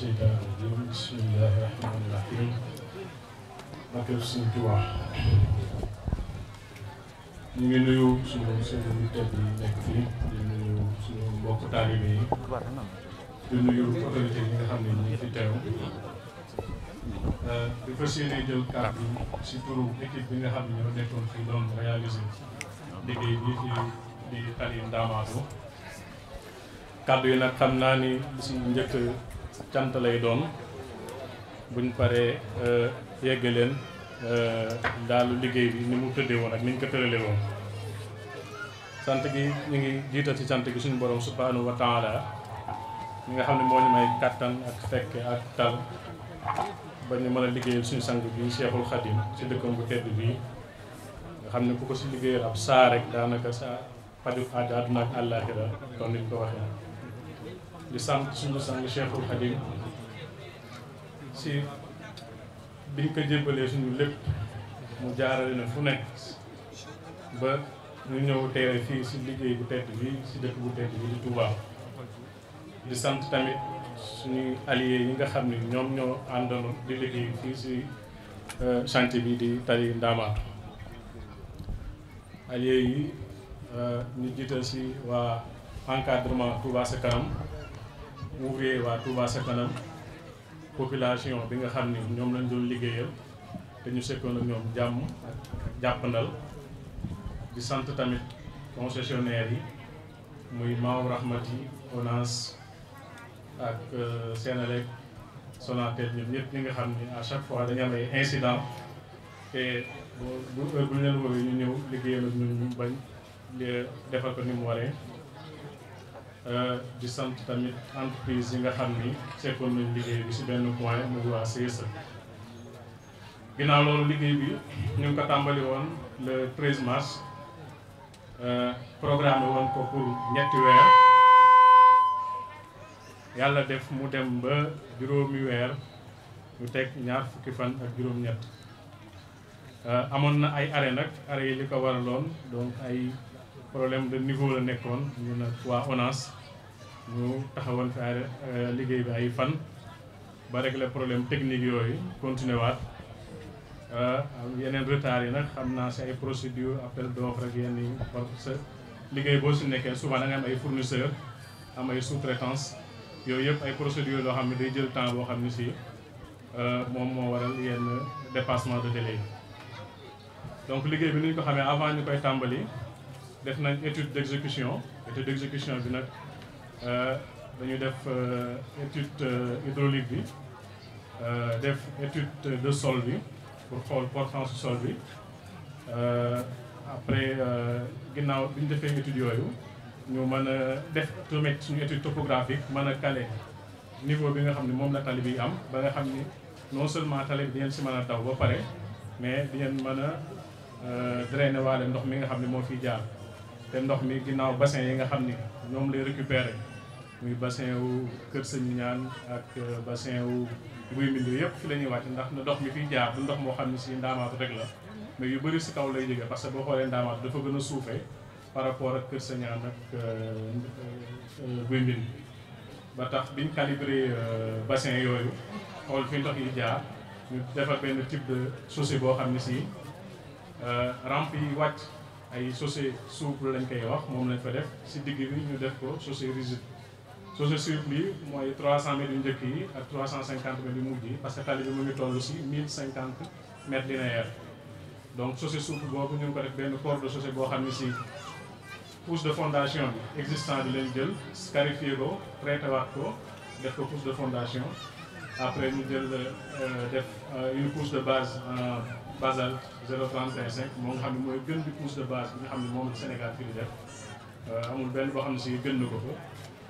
الشيطان الرجيم بسم الله ngi nuyu suñu sëriñ yu yi fii di nuyu suñu mbokk ngi fi teew euh, di bi nga xam ñoo nekkoon fii doon réalisé yi nag xam naa ni suñu njëkk cant lay doon buñ paree euh, yegge leen euh, daalu liggéey bi ni mu tëddee woon ak ni ñu ko tëralee woon sant gi ñu ngi jiital ci sant gi suñu borom subhanahu wa taala ñi nga xam ne moo ñu may kàttan ak fekke ak tal ba ñu mën a liggéeyal suñu sang bi Cheikhul Khadim ci dëkkam bu tedd bii nga xam ne ku ko ci liggéeyal ab saa rek daanaka sa faju aada àdduna ak àllaaxira kon niñ ko waxee di sant suñu sang Cheikhul Khadim si biñ ko jébbalee suñu lépp mu jaarale na fu nekk ba ñu ñëw teere fii si liggéey bu tedd bi si dëkk bu tedd bi di Touba di sant tamit suñuy allié yi nga xam ni ñoom ñoo àndoon di liggéey fii si euh, chantier bi di tali Ndamatou allié yi euh, ñu jiital si waa encadrement Touba sa kanam ouvrier waa Touba sa kanam population bi nga xam ni ñoom lañ doon liggéeyal te ñu sekkoon ak ñoom jàmm ak jàppandal di sant tamit concessionnaire yi muy Maaw Rahmati ONAS ak euh, Senelec Sonatel ñoom ñëpp ñi nga xam ni à chaque fois dañu am ay incident te bu bu ñu leen woowee ñu ñëw liggéeyal ak ñun ñu bañ defal ko ni mu waree Euh, di sant tamit entreprise yi nga xam ni sekkoon nañ liggéey bi si benn point muy waa CSE ginnaaw loolu liggéey bi ñu ko tàmbali woon le 13 mars euh, programme woon ko pour ñetti weer yàlla def mu dem ba juróomi weer ñu teg ñaar fukki fan ak juróom-ñett euh, amoon na ay arrêt nag arrêt yi li ko waraloon donc ay problème de niveau la nekkoon ñu nag waa ONAS ñu taxawal fi ay euh, liggéey bi ay fan ba régler problème technique yooyu continuer waat euh, yeneen retard yi nag xam naa si ay procédure appel d'offre ak yenn yi parce liggéey boo si nekkee souvent da am ay fournisseur am ay sous-traitance yooyu yëpp ay procédure loo xam ne day jël temps boo xam ni si euh, moom moo waral yenn dépassement de délai donc liggéey bi ni ñu ko xamee avant ñu koy tàmbali def nañ étude d'exécution étude d'exécution bi nag euh, dañu def euh, étude euh, hydraulique bi def étude de sol bi pour xool portance sol bi après ginnaaw bi ñu defee étude yooyu ñu mën a def tamit suñu étude topographique mën a caler niveau bi nga xam ne moom la tali bi am ba nga xam ni non seulement tali bi di ngeen si mën a taw ba pare mais bi ngeen mën a drainer waale ndox mi nga xam ne moo fiy jaar. te ndox mi ginnaaw bassin yi nga xam ni ñoom lay récupérer muy bassin wu Kër Sëñ Ñaan ak euh, bassin wu Guy Mbind yëpp fi la ñuy wàcc ndax na ndox mi fiy jaar du ndox moo xam ne si ndaamaatu rek la mais yu bëri si kaw lay jógee parce que boo xoolee ndaamaatu dafa gën a suufee par rapport ak Kër Sëñ Ñaan ak euh, euh, Guy Mbind ba tax biñ calibré bassin yooyu xool fi ndox yi jaar ñu defar benn type de boo xam ne si rampe yi wàcc ay chaussée souple lañ koy wax moom lañ fa def si digg bi ñu def ko chaussée rigide chaussée souple yi mooy 300 mètres yu njëkk yi ak 350 mètres yu mujj yi parce que tali bi mu ngi toll si 1050 mètres linéaires donc sose souple boobu ñu ngi ko def benn corps de chaussée boo xam ne si pousse de fondation bi existant di lañ jël scarifié ko traité waat ko def ko pousse de fondation après ñu jël euh, def euh, une couche de base basal 0,35 moo nga xam ne mooy gën di couche de base bi nga xam ne moom la Sénégal fii di def euh, amul benn boo xam ne si gën na ko ko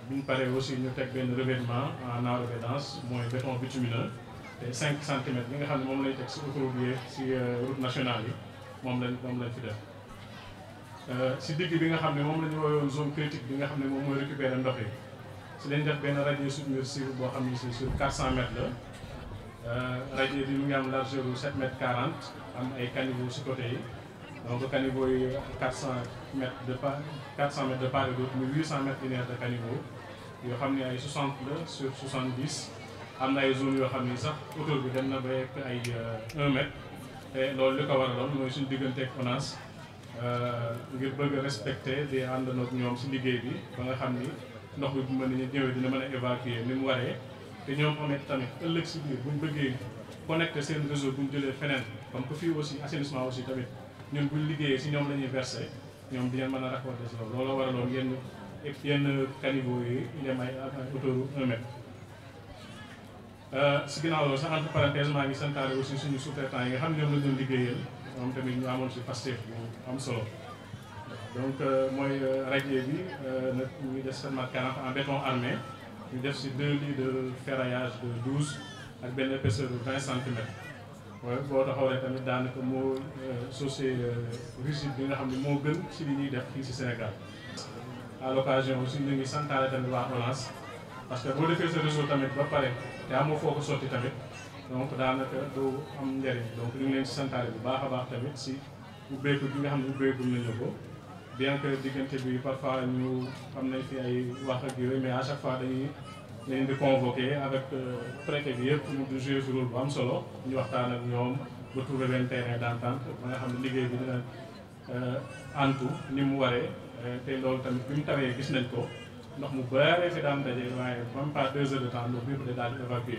bu ñu paree aussi ñu teg benn revêtement en enrobé dense mooy béton bitumineux te 5 centimètres bi nga xam ne moom lañ teg si autoroute yi si euh, route nationale yi moom lañ moom lañ fi euh, si digg bi nga xam ne moom la ñu wooyoon zone critique bi nga xam ne moom mooy récupérer ndox yi si lañ def benn radier submersible boo xam ne si sur 400 mètres la Euh, radier bi mu ngi am largeur bu 7 mètres 40 am ay caniveaux si côté yi donc caniveaux yi 400 mètres de part 400 mètres de part et d'autre muy mètres de caniveaux yoo xam ne ay 60 la sur 70 am na ay zones yoo xam ni sax autour bi dem na ba yegg ay 1 euh, mètre te loolu li ko waraloon mooy suñu digganteeg ONAS euh, ngir bëgg a respecter di ñoom si liggéey bi ba nga xam ni ndox bi bu mën nañu ñëwee dina mën a évacuer ni mu waree. te ñoom amet tamit ëllëg si biir buñ bëggee connecté seen réseau buñ jëlee feneen comme que fii aussi assainissement aussi tamit ñun buñ liggéeyee si ñoom la ñuy versé ñoom di ngeen mën a raconté si loolu looloo waraloon yenn yenn caniveau yi dem ay autour un mètre euh, si ginnaaw sa sax entre parenthèse aussi suñu sous-traitant yi nga xam ne ñoom la doon liggéeyal moom tamit ñu amoon si Pastef bu am solo donc euh, mooy euh, radier bi nag ñu des seulement 40 en béton ñu def si deux lits de ferraillage de douze ak benn épaisseur de vingt centimètre waaye boo taxawlee tamit daanaka moo chaussée euh, euh, rigide bi nga xam ne moo gën si li ñuy def fii si Sénégal. à l'occasion aussi ñu ngi santaale tamit waa ONAS parce que boo defee sa réseau tamit ba pare te amoo foo ko sotti tamit donc daanaka doo am njëriñ donc ñu ngi leen si santaale bu baax a baax tamit si ubbeeku bi nga xam ne ubbeeku nañu ko. bien que diggante bi parfois ñu am na fi ay wax ak yooyu mais à chaque fois dañuy dañu convoqué avec euh, préfet bi yëpp mu di jouer rôle bu am solo ñu waxtaan ak ñoom ba trouver benn terrain d'entente ba nga xam ne liggéey bi dina euh, antu ni mu waree euh, te loolu tamit bi mu tawee gis nañ ko ndox mu bare fi daan daje waaye même pas deux heures de temps loolu yëpp da daal di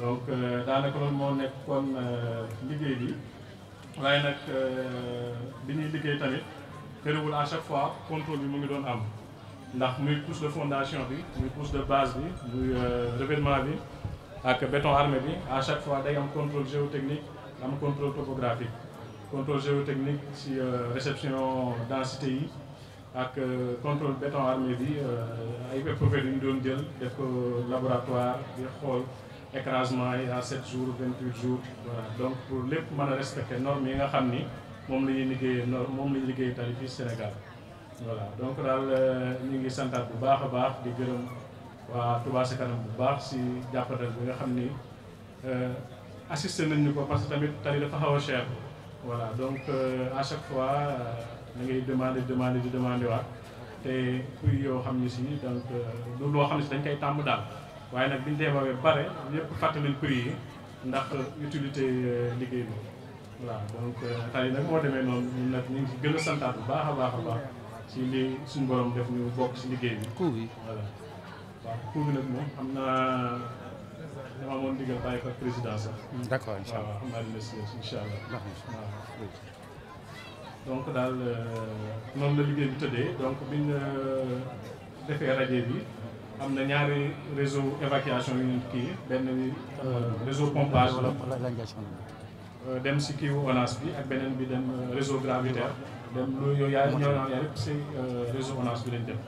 donc daanaka loolu moo nekk kon liggéey bi waaye nag bi ñuy liggéey tamit terewul à chaque fois contrôle bi mu ngi doon am ndax muy couche de fondation bi muy couche de base bi muy euh, révénement bi ak béton armé bi à chaque fois day am contrôle géotechnique am contrôle topographique contrôle géotechnique ci euh, réception densité yi ak euh, contrôle béton armé bi ay épreuves yu ñu doon jël def ko laboratoire di xool écrasement yi à 7 jours 28 jours voilà donc pour lép mën a respecter normes yi nga xam ni moom la ñuy liggéeyee noor moom la liggéey liggéeyee tali fii Sénégal voilà donc daal euh, ñu ngi santaat bu baax a baax di gërëm waa Touba Kanam bu baax si jàppandal bi nga xam ni euh, assisté nañ ñu ko parce que tamit tali dafa xaw a cher voilà donc euh, à chaque fois da ngay demandé demandé di demandé waat te prix yoo xam ne si donc du loo xam ne si dañ koy tàmm daal waaye nag biñ demee ba pare ñëpp fàttali prix yi ndax utilité liggéey bi. waaw donc xëy nag moo demee noonu ñun nag ñu ngi si gën a santaat bu baax a baax a baax si li suñ borom def ñu bokk si liggéey bi. coup bi voilà waaw coup bi nag moom xam naa dama amoon digal bàyyi ko président sax. d' accord incha allah waaw xam naa donc daal noonu la liggéey bi tëddee donc biñ defee rajo bi am na ñaari réseau évacuation yu ñu kii benn réseau pompage la. Euh, dem si kii wu bi ak beneen bi dem euh, réseau gravitaire dem loolu yooyu yaa ñoo si euh, réseau ONAS bi lañ dem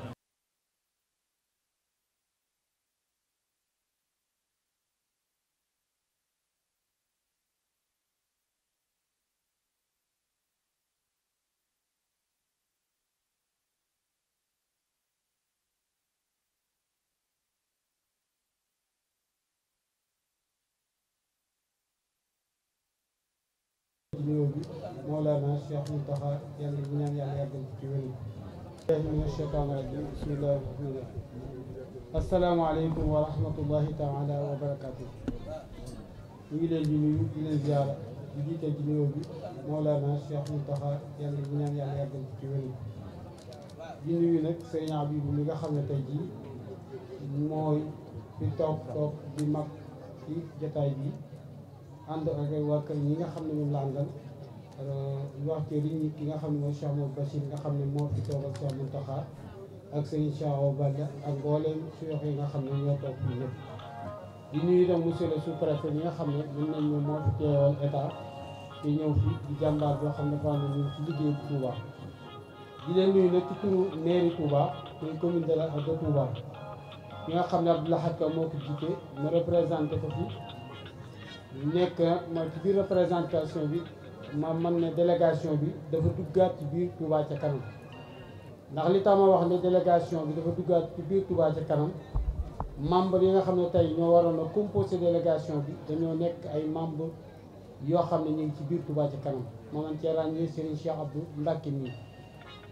ñëw bi Mawlana Cheikh Mountakha yàlla ñu ñaan yàlla yàggal ci wér mina shaytaani rajiim bismillahi rahmaani rahiim asalaamaaleykum wa rahmatullahi taala wa barakaatu leen di nuyu di di jiite ci nuyoo bi Mawlana Cheikh Mountakha yàlla ñu ñaan yàlla ci wér di nuyu nag Abibu mi nga xam ne tey jii mooy fi toog toog di mag ci jataay bi ànd ak ay waa kër yi nga xam ne ñoom la àndal wax ki nga xam ne mooy Cheikh Modou Bachir nga xam ne moo fi toog ak Cheikh Mountakha ak sëñ Cheikh Obada ak mbooleem suyoox yi nga xam ne ñoo toog fii lépp di nuyu itam monsieur le nga xam ne mën ñëw fi di jàmbaar boo xam ne dafa am ñu ci liggéey Touba di leen nuyu nag ci turu mairie Touba muy commune de la de Touba ki nga xam ne Abdou Lahad Ka moo ko jiite mu représenté ko fi nekk nag ci biir représentation bi ma mën ne délégation bi dafa duggaat ci biir Touba ca kanam ndax li tax ma wax ne délégation bi dafa duggaat ci biir Touba ca kanam membre yi nga xam ne tey ñoo waroon a composé bi dañoo nekk ay membre yoo xam ne ñu ngi ci biir Touba ca kanam ma man cee ràññee Serigne Cheikh Abdou Mbacke mii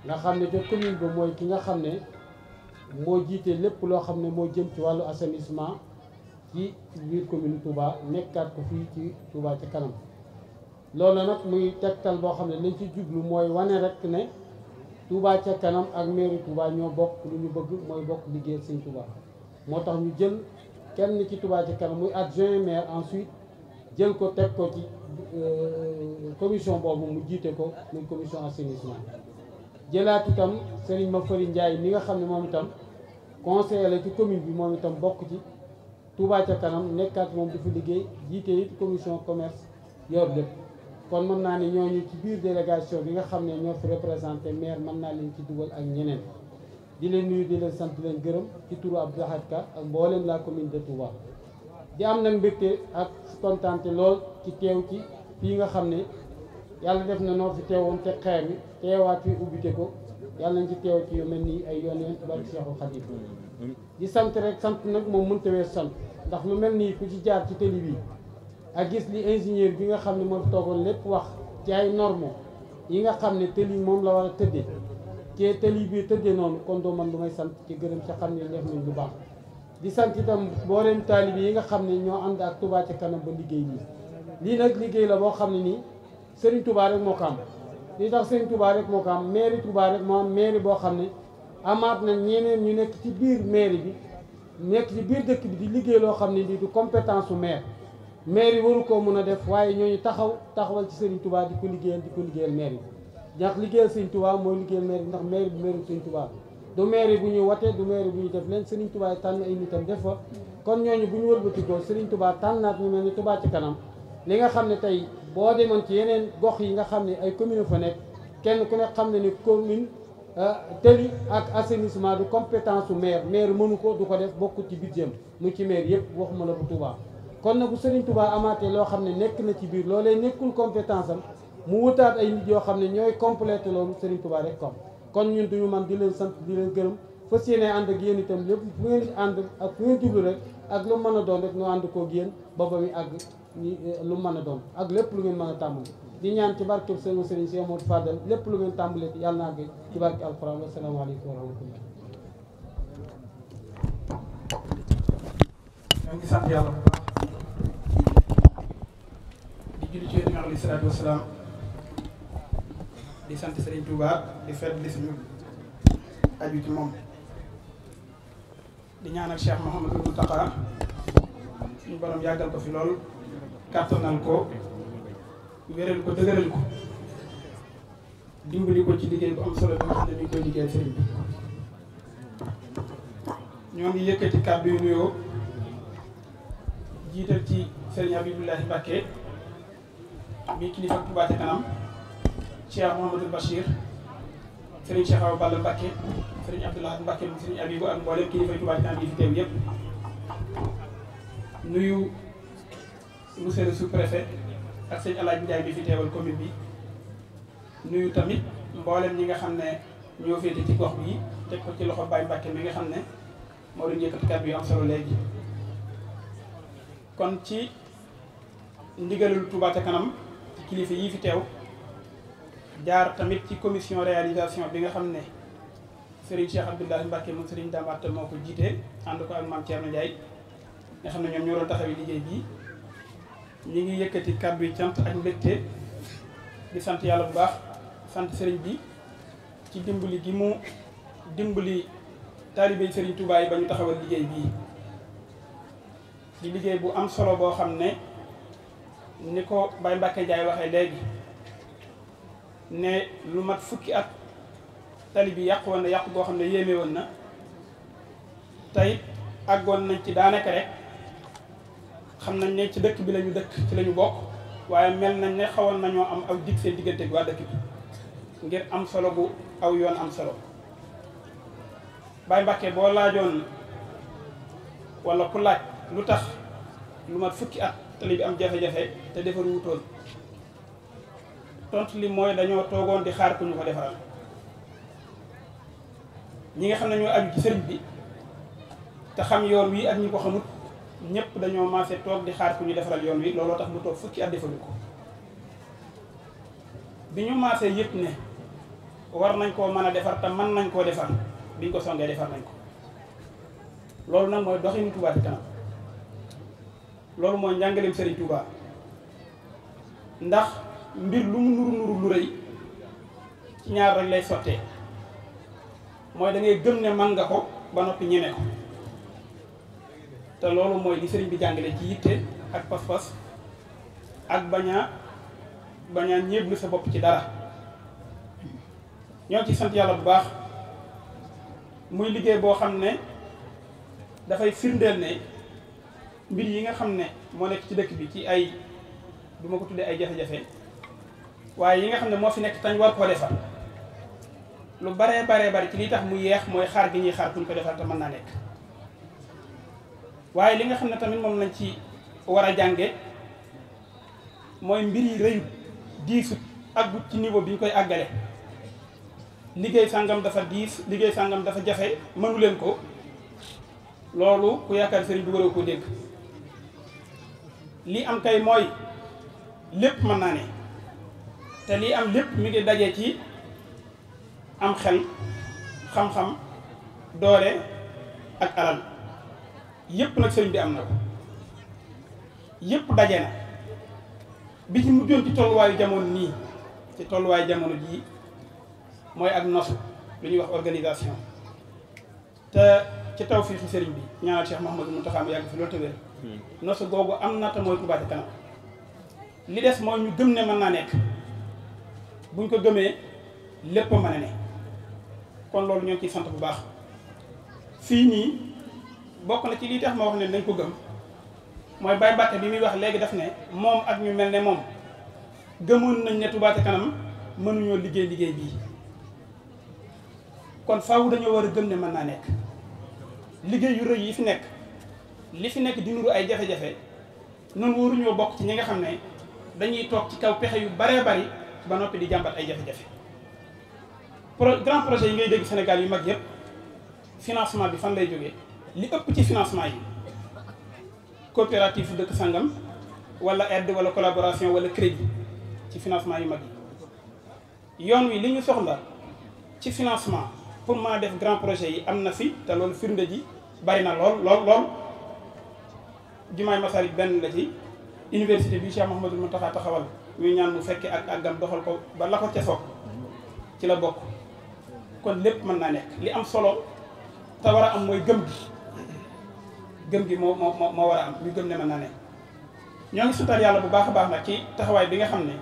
nga xam ne te commune ba mooy ki nga xam ne moo jiitee lépp loo xam ne moo jëm ci wàllu assainissement ci biir commune Touba nekkaat ko fii ci Touba ci kanam loolu nag muy tegtal boo xam ne lañ ci jublu mooy wane rek ne Touba ca kanam ak mairie Touba ñoo bokk lu ñu bëgg mooy bokk liggéey sëñ Touba moo tax ñu jël kenn ci Touba ca kanam muy adjoint maire ensuite jël ko teg ko ci euh, commission boobu mu jiite ko muy commission assainissement jëlaat itam Serigne Mafari Ndiaye mi nga xam ne moom itam conseiller la ci commune bi moom itam bokk ci Touba ca kanam nekkaat moom di fa liggéey jiite it commission commerce yor lépp kon mën naa ne ñooñu ci biir délégation bi nga xam ne ñoo fi représenté maire mën naa leen ci dugal ak ñeneen di leen nuyu di leen sant leen gërëm ci turu Abdou Ahad Ka ak mboolem laa commune de Touba. di am nag mbégte ak kontaante lool ci teew ci fii nga xam ne yàlla def na noo fi teewoon te xeer bi teewaat fi ubbite ko yàlla nañ ci teew ci yu mel nii ay yoon yoon barke ndax lu mel nii ku ci jaar ci télé bi a gis li ingénieur bi nga xam ne moo fi toogoon lépp wax ci ay normes yi nga xam ne télé moom la war a tëddee kee télé bi tëddee noonu kon doo man lu may sant ci gërëm ca xam ne def nañ lu baax di sant itam mbooleem taalibe yi nga xam ne ñoo ànd ak Touba ca kanam ba liggéey bii lii nag liggéey la boo xam ne nii Serigne Touba rek moo ko am tax Serigne Touba rek moo ko am mairie Touba rek moo am mairie boo xam ne amaat na ñeneen ñu nekk ci biir mairie bi nekk ci biir dëkk bi di liggéey loo xam ne lii du compétence su maire maire yi waru koo mun a def waaye ñoo ñu taxaw taxawal ci Serigne Touba di ko liggéeyal di ko liggéeyal maire bi ndax liggéeyal Serigne Touba mooy liggéeyal maire bi ndax maire bi maire bi Serigne Touba du maire bu ñuy watee du maire bu ñuy def leen Serigne Touba tànn ay nitam def fa kon ñooñu bu ñu wëlbatikoo tubaa tànn tànnaat ñu mel ni tubaa ci kanam li nga xam ne tey boo demoon ci yeneen gox yi nga xam ne ay commune fa nekk kenn ku ne xam ne ni commune Euh, tëli ak assainissement du compétence su maire maire mënu ko du ko def bokku ci budget mu ci maire yëpp waxuma la bu Touba kon nag bu Serigne Touba amaatee loo xam ne nekk na ci biir loolee nekkul compétence am mu wutaat ay nit yoo xam ne ñooy complété loolu Serigne Touba rek comme kon ñun duñu man di leen sant di leen gërëm fas yéene ànd ak yéen itam lépp fu ngeen ànd ak fu ngeen jublu rek ak lu mën a doon rek ñu ànd koo yéen ba ba muy àgg eh, lu mën a doon ak lépp lu ngeen mën a tàmbali di ñaan ci barkeb sëñ sëriñ si Amadou Fadal lépp lu ngeen tàmbalee ci yàlla naa gi ci barke alquran wasalaamaaleykum wa rahmatullah ñoo ngi di julli ci yéen alayhi salaatu wasalaam di sant Sëriñ Touba di fet di suñu aju ci moom di ñaanal Cheikh Mouhamadou Mountakha suñu borom yàggal ko fi lool kàttanal ko wéral ko dëgëral ko dimbali ko ci liggéey bu am solo bi nga xam ne koy liggéey sëriñ ñoo ngi yëkkati kàddu yu nuyoo jiital ci sëriñ Habibullahi Mbàkke mi kilifa Touba Ca Kanam Cheikh Mouhamadou Bachir sëriñ Cheikh Awa Balla Mbàkke sëriñ Abibu ak mboolem kilifa Touba Ca Kanam yi fi teew yëpp nuyu monsieur le sous-préfet ak sëñ Alaaji Njaay bi fi teewal commune bi nuyu tamit mboolem ñi nga xam ne ñoo féete ci gox bi teg ko ci loxo Baye Mbàkke mi nga xam ne moo doon yëkkati kàddu yu am solo léegi kon ci ndigalul Touba ca kanam ci kilifa yi fi teew jaar tamit ci commission réalisation bi nga xam ne Serigne Cheikh Abdoulaye Mbacke moom Serigne Damaat moo ko jiite ànd ko ak maam Thierno Ndiaye nga xam ne ñoom ñoo doon taxawee liggéey bii ñu ngi yëkkati kàddu yi cant ak mbégte di sant yàlla bu baax sant sëriñ bi ci dimbali gi mu dimbali taalibe sëriñ Touba yi ba ñu taxawal liggéey bii di liggéey bu am solo boo xam ne ni ko Baye Mbacke Ndiaye waxee léegi ne lu mat fukki at tali bi yàqu woon na yàq goo xam ne yéeme woon na tey àggoon nañ ci daanaka rek xam nañ ne ci dëkk bi lañu dëkk ci lañu bokk waaye mel nañ ne xawoon nañoo am aw dig seen diggante bi waa dëkk bi ngir am solo bu aw yoon am solo Baye Mbacke boo laajoon wala ku laaj lu tax lu mat fukki at tali bi am jafe-jafe te defar wutoon tontu li mooy dañoo toogoon di xaar ku ñu ko defaral ñi nga xam ne ñoo aju ci bi te xam yoon wii ak ñi ko xamut ñëpp dañoo maase toog di xaar ku ñu defaral yoon wi looloo tax mu toog fukki at defalu ko bi ñu maase yëpp ne war nañ koo mën a defar te mën nañ koo defar biñ ko songee defar nañ ko loolu nag mooy doxinu Touba Ca Kanam loolu mooy njàngaleem Serigne Touba ndax mbir lu mu nuru nuru lu rëy ci ñaar rek lay sotte mooy dangay ngay ne man nga ko ba noppi ñeme ko. te loolu mooy li sëriñ bi jàngale ci yitte ak pas-pas ak bañaa bañaa ñéeblu sa bopp ci dara ñoo ci sant yàlla bu baax muy liggéey boo xam ne dafay firndeel ne mbir yi nga xam ne moo nekk ci dëkk bi ci ay du ma ko tuddee ay jafe-jafe waaye yi nga xam ne moo fi nekk tañ war koo defar lu baree baree bari ci li tax mu yeex mooy xaar gi ñuy xaar ñu ko defar te mën naa nekk waaye li nga xam ne tamit moom nañ ci war a jànge mooy mbir yi rëyut diisut aggut ci niveau bi ñu koy àggale liggéey sàngam dafa diis liggéey sàngam dafa jafe mënu leen ko loolu ku yaakaar sëriñ bu waroo koo dégg li am kay mooy lépp mën naa ne te lii am lépp mi ngi daje ci am xel xam-xam doole ak alal yëpp nag sëriñ bi am na ko yëpp daje na bi ci mujjoon ci tolluwaayu jamono nii ci tolluwaayu jamono jii mooy ak nosu lu ñuy wax organisation te ci taw fii ci sëriñ bi ñaanal Cheikh Mouhamadou Mountakha mu yàgg fi loolu te hmm. nosu googu am na te mooy Touba Ca li des mooy ñu gëm ne mën naa nekk buñ ko gëmee lépp mën a ne kon loolu ñoo ciy sant bu baax fii nii bokk na ci lii tax ma wax ne nañ ko gëm mooy Baye Mbacké bi muy wax léegi def ne moom ak ñu mel ne moom gëmoon nañ ne Touba Kanam mënuñoo liggéey liggéey bii kon faaw dañoo war a gëm ne mën naa nekk liggéey yu rëy yi fi nekk li fi nekk di nuru ay jafe-jafe noonu waruñoo bokk ci ñi nga xam ne dañuy toog ci kaw pexe yu baree bari ba noppi di jàmbat ay jafe-jafe pro grand projet yi ngay dégg Sénégal yu mag yëpp financement bi fan lay jógee li ëpp ci financement yi coopérative dëkk sangam wala aide wala collaboration wala crédit ci financement yi mag yi yoon wi li ñu soxla ci financement pour mën def grand projet yi am na fi te loolu firnde ji bari na lool lool lool jumaay Masaalik benn la ci université bi Cheikh Mouhamadul Mountakha taxawal ñuy ñaan mu fekkee ak àggam doxal ko ba la ko ca soog ci la bokk kon lépp mën naa nekk li am solo te war a am mooy gëm gi gëm gi moo moo moo war a am ñu gëm ne mën na ne ñoo ngi sutar yàlla bu baax a baax nag ci taxawaay bi nga xam ne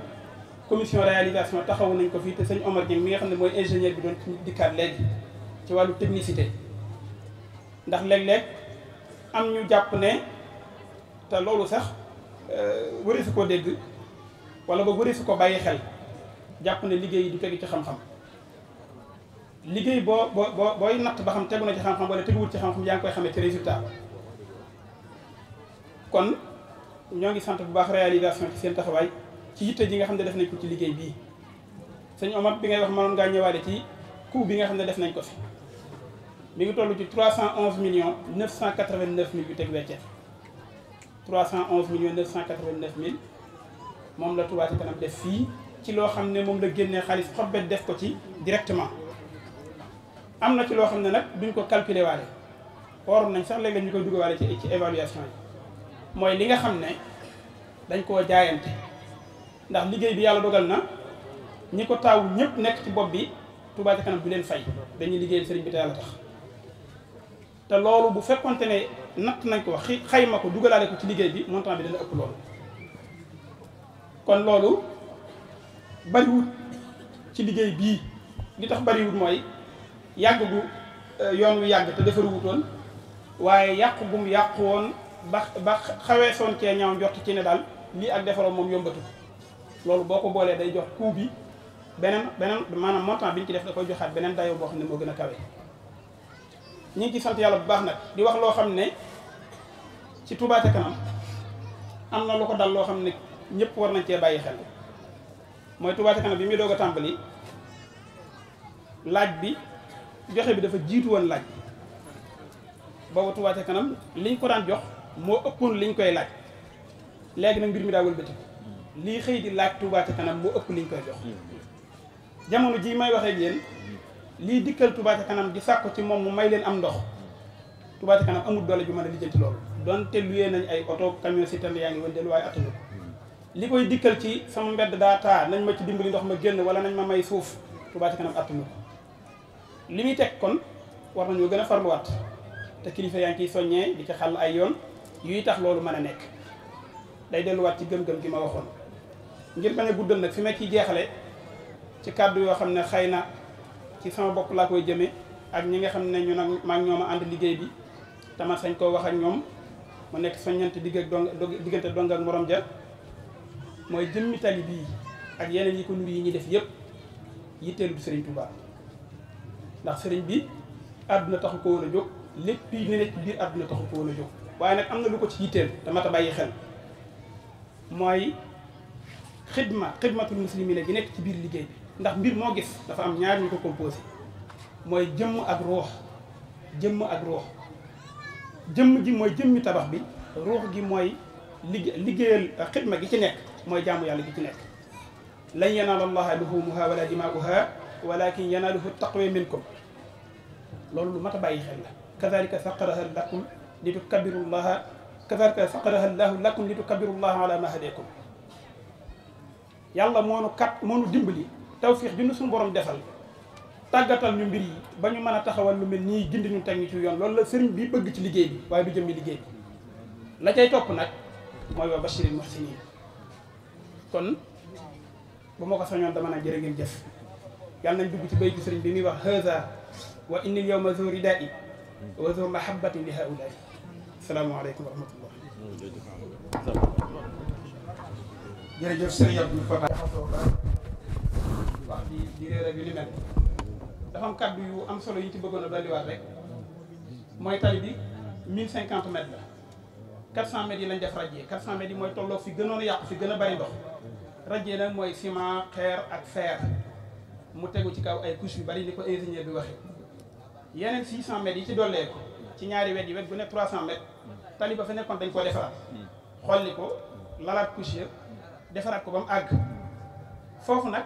commission réalisation taxawu nañ ko fii te sëñ Omar Dieng mi nga xam ne mooy ingénieur bi doon dikkaat léegi ci wàllu technicité ndax léeg-léeg am ñu jàpp ne te loolu sax euh, wëri su ko dégg wala ba wëri ko bàyyi xel jàpp ne liggéey yi du tegu ci xam-xam liggéey boo boo booy natt ba xam tegu na ci xam-xam wala teguwul ci xam-xam yaa résultat kon ñoo ngi sant bu baax réalisation ci seen taxawaay ci yitte ji nga xam ne def nañ ko ci liggéey bii sëñ Omar bi ngay wax mënoon ngaa ñëwaale ci coût bi nga xam ne def nañ ko fi mi ngi toll ci cent million 311 millions 989 mille yu teg weccet 311 millions 989 mil moom la Touba Ca Kanam def fii ci loo xam ne moom la génnee xaalis xobbet def ko ci directement am na ci loo xam ne nag duñ ko calculer waale or nañ sax léeg-léeg ñu koy duggawaale ci ci évaluation yi mooy li nga xam ne dañ koo jaayante ndax liggéey bi yàlla dogal na ñi ko taaw ñëpp nekk ci bopp bi Touba ca kanam du leen fay dañuy liggéeyal sëriñ bi te yàlla tax te loolu bu fekkonte ne natt nañ ko xayma ko dugalaale ko ci liggéey bi montant bi dana ëpp loolu kon loolu bariwut ci liggéey bii li tax bariwut mooy yàgg gu euh, yoon wu yàgg te defaruwutoon waaye yàqu gum yàqu woon ba ba xawee soon cee ñaaw njort ci ne daal lii ak defaroo moom yombatu loolu boo ko boolee day jox coût bi beneen beneen maanaam montant bi ñu ci def da koy joxaat beneen dayoo boo xam ne moo gën a kawe ñu ngi ci yàlla bu baax nag di wax loo xam ne ci Touba ca kanam na lu ko dal loo xam ne ñëpp war nañ cee bàyyi xel mooy Touba ca kanam bi muy doog a tàmbali laaj bi joxe bi dafa jiitu woon laaj boobu Touba ca kanam liñ ko daan jox moo ëppoon liñ koy laaj léegi nag mbir mi daa wëlbati lii xëy di laaj Touba ca kanam moo ëpp liñ koy jox jamono jii may waxee ak lii dikkal Touba ca kanam di sàkku ci moom mu may leen am ndox Touba ca kanam amul doole ju mën a lijjanti loolu donte luyee nañ ay oto camion citerne yaa ngi wëndeel waaye attanu li koy dikkal ci sama mbedd daa taa nañ ma ci dimbali ndox ma génn wala nañ ma may suuf Touba kanam attanu li muy teg kon war nañoo gën a farluwaat te kilifa yaa ngi ciy soññee di ci xàll ay yoon yuy tax loolu mën a nekk day delluwaat ci gëm-gëm gi ma waxoon ngir bañ a guddal nag fi ma ki jeexale ci kàddu yoo xam ne xëy na ci sama bopp laa koy jëme ak ñi nga xam ne ñu nag maa ñoom a ànd liggéey bi tama sañ koo wax ak ñoom mu nekk soññante digg ak dong diggante dong ak moroom ja mooy jëmmi tali bii ak yeneen yi ko nuru yi ñuy def yëpp yitteelu du sëriñ Touba ndax sëriñ bi àdduna taxu ko woon a jóg lépp yi ne nekk ci biir àdduna taxu ko woon a waaye nag am na lu ko ci yitteel dama ta bàyyi xel mooy xidma xidmatul muslimina gi nekk ci biir liggéey bi ndax mbir moo gis dafa am ñaar ñu ko composé mooy jëmm ak ruux jëmm ak ruux jëmm ji mooy jëmmi tabax bi ruux gi mooy liggéey liggéeyal xidma gi ci nekk mooy jaamu yàlla gi ci nekk lan yanaala allaha luhumuha wala dimaa'uha walakin yanaaluhu taqwa minkum loolu lu mat a bàyyi xel la kadalika saqaraha lakum li tukabbirullaha kazalika faqadaha llahu lakum li tukabbirullaha ala ma hadakum yàlla moo nu kat moo nu dimbali tawfiix ju nu suñu borom defal tàggatal ñu mbir yi ba ñu mën a taxawal lu mel nii gindi ñu teg ñu ci yoon loolu la sëriñ bi bëgg ci liggéey bi waaye du jëmmi liggéey bi la cay topp nag mooy wa bashiril muhsinin kon bu ma ko soñoon dama naa jërë ngeen jëf yàlla nañ dugg ci bay ci sëriñ bi muy wax haza wa inni l yawma zo ridaai wa zo mahabbati li haulai salaamaaleykum wa rahmatullah. jërëjëf sëriñ Abdou Fatah. wax di di réer ak ni mel. dafa kàddu kaddu yu am solo yi ci bëggoon a dolliwaat rek. mooy tali bi 1050 mètres la. 400 mètres yi lañ def radier 400 mètres yi mooy tolloog si gënoon a yàqu fi gën a bari ndox. radier nag mooy ciment ak fer. mu tegu ci kaw ay couche yu bari ni ko ingénieur bi waxee. yeneen 600 mètres yi ci dollee ci ñaari wet yi wet gu nekk 300 mètres mm. tali ba fa nekkoon dañ koo defaraat mm. xolli ko mm. lalaat couche defaraat ko ba mu àgg foofu nag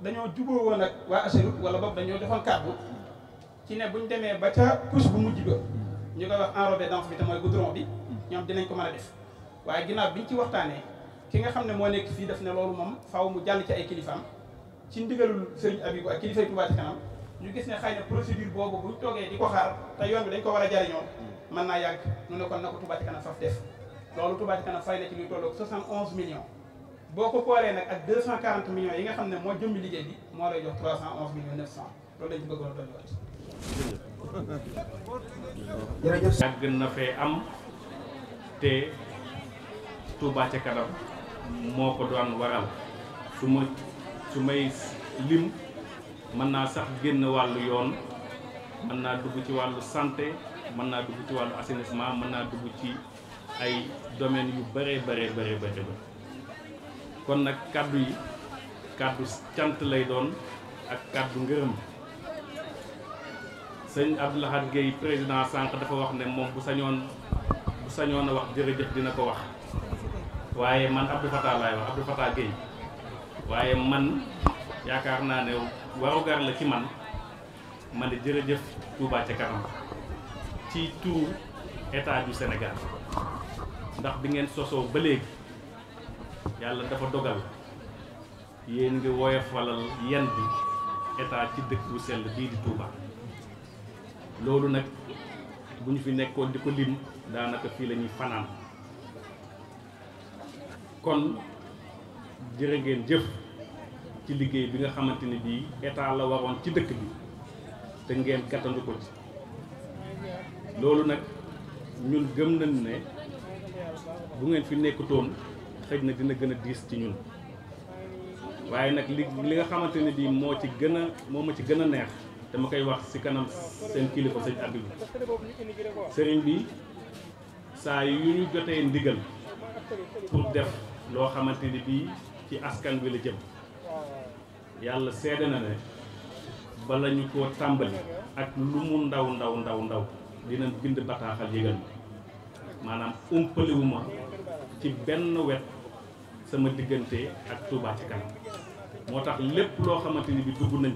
dañoo juboo woon ak waa AGEROUTE wala boog dañoo joxoon kàddu ci ne ñu demee ba ca couche bu mujj ba ñu koy wax enrobé d'amphibie bi te mooy goudron bi ñoom dinañ ko man a def waaye bi ñu ci waxtaanee ki nga xam ne moo nekk fii def ne loolu moom faw mu jàll ci ay kilifaam ci ndigalul Serigne Abibou ak kilifay Touba ci kanam ñu gis ne xëy na procédure boobu bu ñu toogee di ko xaar te yoon bi dañ ko war a jariñoo man mm. naa yàgg ñu ne kon na ko Touba Ca Kanam faf def loolu Touba Ca Kanam fay na boo ko koolee nag ak 240 millions yi nga xam ne moo jëmmi liggéey bi moo lay jox 311 millions 900 loolu lañ ci bëggoon dolliwaat. jërëjëf. yàgg na fee am te Touba Ca Kanam moo ko doon waral su ma su may lim. mën naa sax génn wàllu yoon mën naa dugg ci wàllu santé mën naa dugg ci wàllu assainissement mën naa dugg ci ay domaines yu bëree bëree bëree bëri kon nag kàddu yi kàddu cant lay doon ak kàddu ngërëm sëñ Abdou Lahad Guèye président sànq dafa wax ne moom bu sañoon bu sañoon a wax jërëjëf dina ko wax waaye man Abdou Fatah laay wax Abdou Fatah waaye man yaakaar naa ne warugar la ci man ma ne jërëjëf Touba ca kanam ci turu état du Sénégal ndax bi ngeen sosoo ba léegi yàlla dafa dogal yéen ngi woyofalal yan bi état ci dëkk bu sell bii di Touba loolu nag bu ñu fi nekkoon di ko lim daanaka fii lañuy fanaan kon jërë ngeen jëf ci liggéey bi nga xamante ni bii état la waroon ci dëkk bi te ngeen gàttandu ko ci loolu nag ñun gëm nañ ne bu ngeen fi nekkutoon xëj na dina gën a diis ci ñun waaye nag li li nga xamante ne bii moo ci gën a moo ma ci gën a neex dama koy wax ci kanam seen kilifa sëñ Abib sëriñ bi saa yu ñu jotee ndigal pour def loo xamante ni bii ci askan wi la jëm yàlla seede na ne bala ñu ko tàmbali ak lu mu ndaw ndaw ndaw ndaw dina bind bataaxal yëgal ma maanaam umpaliwuma ci benn wet sama diggante ak Touba ci kanam moo tax lépp loo xamante ni bi dugg nañ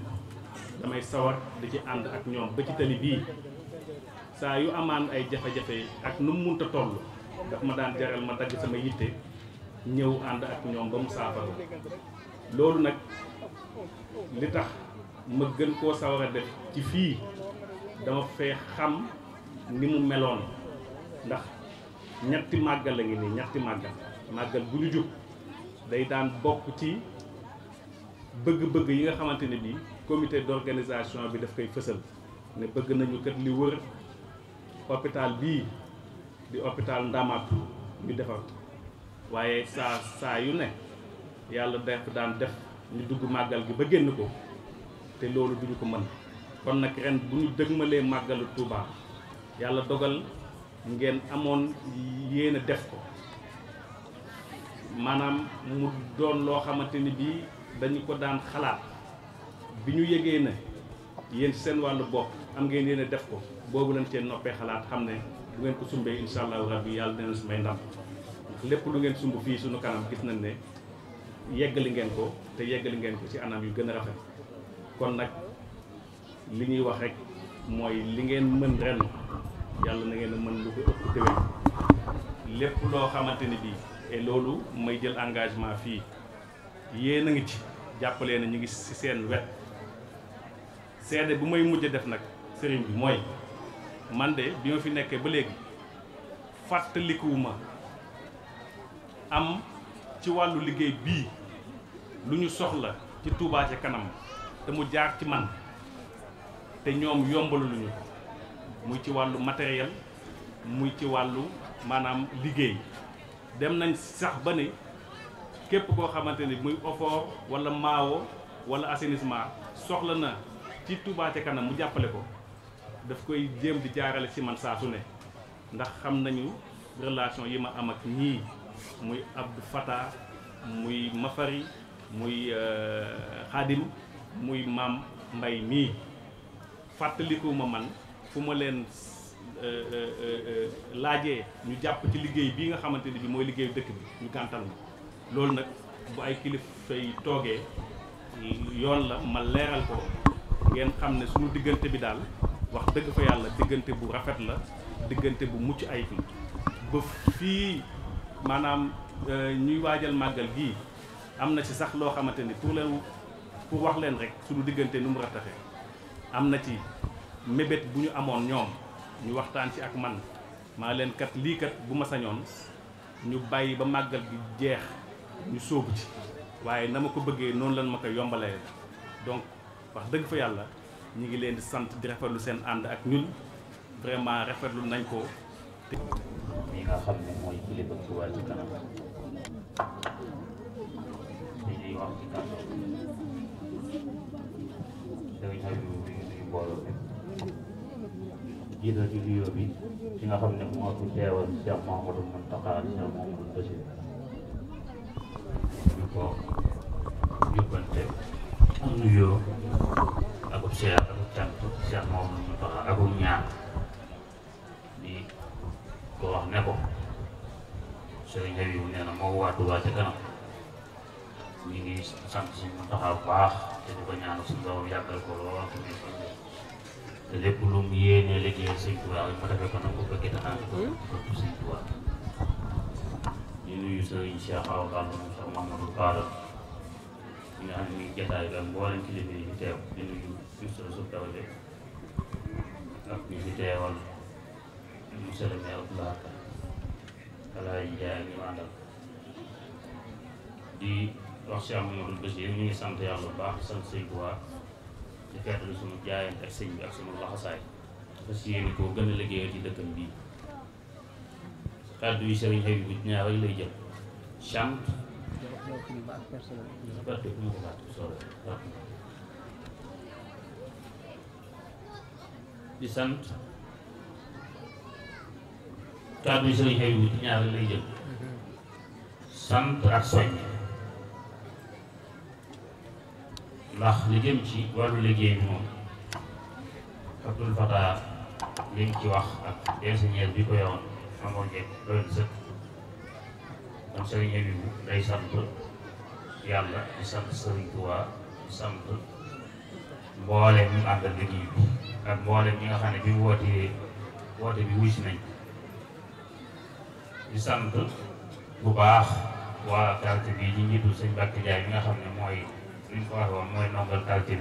damay sawar di ci ànd ak ñoom ba ci tali bii saa yu amaan ay jafe-jafe ak nu mu munta toll daf ma daan jaral ma dagg sama yitte ñëw ànd ak ñoom ba mu saafara loolu nag li tax ma gën koo sawar a def ci fii dama fee xam ni mu meloon ndax ñetti màggal la ngi nii ñetti màggal màggal bu ñu jub day daan bokk ci bëgg-bëgg yi nga xamante ne bii comité d'organisation bi daf koy fësal ne bëgg nañu kat li wër hôpital bii di hôpital Ndamatou ñu defar waaye saa saa yu ne yàlla def daan def ñu dugg màggal gi ba génn ko te loolu duñu ko mën kon nag ren bu ñu dëgmalee màggalu Touba yàlla dogal ngeen amoon yéen a def ko maanaam mu doon loo xamante ni bii dañu ko daan xalaat bi ñu yëgee na yéen seen wàllu bopp am ngeen yéen def ko boobu lañ seen noppee xalaat xam ne bu ngeen ko sumbee incha allahu rabbi yàlla dina su may ndam ndax lépp lu ngeen sumb fii suñu kanam gis nañ ne yeggali ngeen ko te yeggali ngeen ko ci anam yu gën a rafet kon nag li ñuy wax rek mooy li ngeen mën ren yàlla na ngeen mën lu ko ëpp déwén lépp loo xamante ni bii et loolu may jël engagement fii yéen a ngi ci jàppalee na ñu ngi ci seen wet seede bu may mujj def nag sëriñ bi mooy man de bi ma fi nekkee ba léegi fàttalikuwuma ci wàllu liggéey bii lu ñu soxla ci Touba ca kanam te mu jaar ci man te ñoom yombaluñu ko muy ci wàllu matériel muy ci wàllu maanaam liggéey dem nañ sax ba ne képp koo xamante ni muy OFOR walla maawo wala assainissement soxla na ci Touba ca kanam mu jàppale ko daf koy jéem di jaarale ci man saa su ne ndax xam nañu relation yi ma am ak ñii muy Abdou Fattah muy Mafari muy Xaadim euh, muy maam mbay mii fàttalikuwuma man fu ma leen euh, euh, laajee ñu jàpp ci liggéey bii nga xamante ni bi mooy liggéeyu dëkk bi ñu gàntal ma loolu nag bu ay kilifa yi toogee yoon la ma leeral ko ngeen xam ne suñu diggante bi daal wax dëgg ko yàlla diggante bu rafet la diggante bu mucc ay la ba fii maanaam euh, ñuy waajal màggal gii am na ci sax loo xamante ni pour leen pour wax leen rek suñu diggante nu mu rattaxe am na ci mébét bu ñu amoon ñoom ñu waxtaan ci ak man maa leen kat lii kat bu ma sañoon ñu bàyyi ba màggal gi jeex ñu sóobu ci waaye na ma ko bëggee noonu lan ma ko yombalee donc wax dëgg fa yàlla ñu ngi leen di sant di rafetlu seen ànd ak ñun vraiment rafetlu nañ ko mi nga xam ne mooy kilifa Touba ci kanam li ñuy wax ci kanam dañuy nuyu nuyu mbooloo bi jiital ci nuyoo bi ki nga xam ne moo fi teewal Cheikh Mouhamadou Mountakha ak Cheikh Mouhamadou Bachir ñu ko yóbbante nuyoo ak Cheikh ak cant Cheikh Mouhamadou Mountakha ak ñaan ko wax ne ko sëriñ Habibou nee na moo waa Touba ca kanam ñu ngi sant suñu Muntaxa baax te di ko ñaanal suñu doom yàggal ko lool te muy fan te lépp lu mu yéene liggéeyal sëriñ Touba mu defee ko nag ko bëggee mu Cheikh Mahamadou Balla ñu nga xam ne ñu jataay bi ak mboolem kilifa yi ñu teew ñu nuyu ñu soo su teew ak ñu fi teewal monsieur le maire Abdoulaye Ka Alaaji Njaay ñu di wax Cheikh Mamadou Bachir ñu ngi sant yàlla bu baax sant sëñ bu baax di feetlu suñu jaayante ak sëñ ak suñu laxasaay fas yéene koo gën a liggéeyal ci dëkkam bii kàddu yi sëriñ xëy bu ñaar rek lay jël chant di sant kàddu yi sëriñ xëy ci ñaar lay jëm sant ak soñ ndax li jëm ci wàllu liggéey bi moom Abdul Fatah li mu ci wax ak ingénieur bi ko yowoon amoon njëkk doon sëkk kon sëriñ xëy bu day sant yàlla di sant sëriñ Tuubaa di sant mboolem ñu àndal liggéey ak mboolem ñi nga xam ne bi wootee woote bi wuy nañ di sant bu baax waa quartier bi ñu njiitu sëñ Mbacke Ndiaye bi nga xam ne mooy li ñu ko waxee mooy ndongal quartier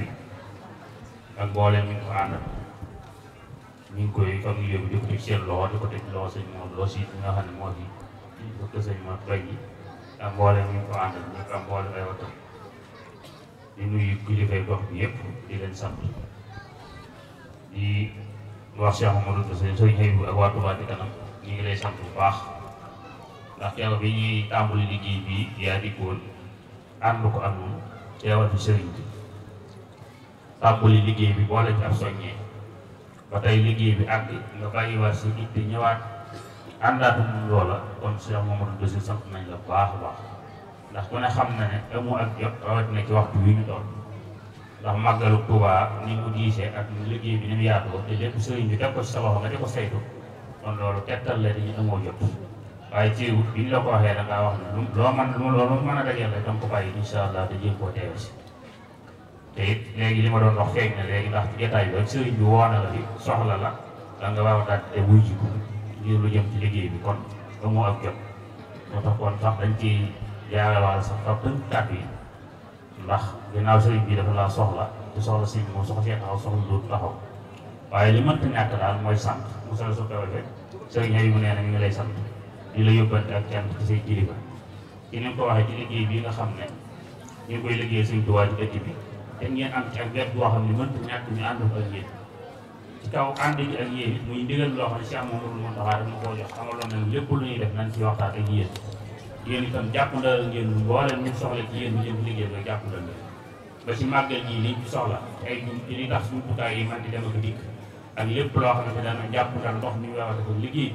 ak mboolem ngi ñu ngi koy comme yóbbu di ko teg seen loxo di ko teg loxo sëñ moom loxo si bi nga xam ne moo fi ñu ko sëñ ma bay yi ak mboolem mi ngi ko àndal ñëpp ak mboolem ay oto di nuyu kilifa gox bi yëpp di leen sant di wax Cheikh Amadou Seye sooy ñëw ak waa Touba di kanam ñu ngi lay sant bu baax. ndax yow bi ñuy tàmbali liggéey bii yaa dikkoon ànd ko ak ñun teewal fi sëriñ bi tàmbali liggéey bi boole ci ab soññee ba tey liggéey bi àgg nga bàyyiwaat si nit di ñëwaat àndaatu mu loola kon Cheikh Mamadou Bassir sant nañ la baax a baax ndax ku ne xam na ne amu ak jot rawatina ci waxtu wi ñu doon ndax màggalu Tuubaa ni mu diisee ak liggéey bi ni mu yaatoo te lépp sëriñ bi teg ko sa loxo nga di ko saytu kon loolu tegtal la dañu amoo jot waaye teewul biñ la ko waxee da ngaa wax ne lu loo mën loolu mën a dajeel rek da nga ko bàyyi incha allah te jéem koo teewe si te it léegi li ma doon wax feeñ na léegi ndax jotaay bi rek soxla la nga waaw te wuy ji lu jëm ci liggéey bi kon ak jot sax dañ ci jaarewaal sax fa tënk kàddu yi ndax ginnaaw sëriñ bi dafa laa soxla te soxla si moom soxla waaye li mënta ñàkk daal mooy sant mosal su ko defee sëriñ yi mu nee na ñu ngi lay sant di la yóbbante ak cant ci say kilifa ci ni ko waxee ci liggéey bii nga xam ne ñu ngi koy liggéey suñ tuwaa ci dëkk bi te ngeen am ci ak wet boo xam ne mënta ñàkk ñu ànd ak yéen ci kaw ànd ji ak yéen it muy ndigal loo xam si amoon moom taxaa dama lépp lu ñuy def waxtaan ak yéen yéen itam jàppandal ngeen mboolem ñu soxla ci yéen ñu jëm liggéey ba jàppandal ba ci màggal ji liñ ci soxla ay ñu li tax suñu butaay yi man di dem ak dikk ak lépp loo xam ne dana jàppandal ndox mi waxate ko liggéey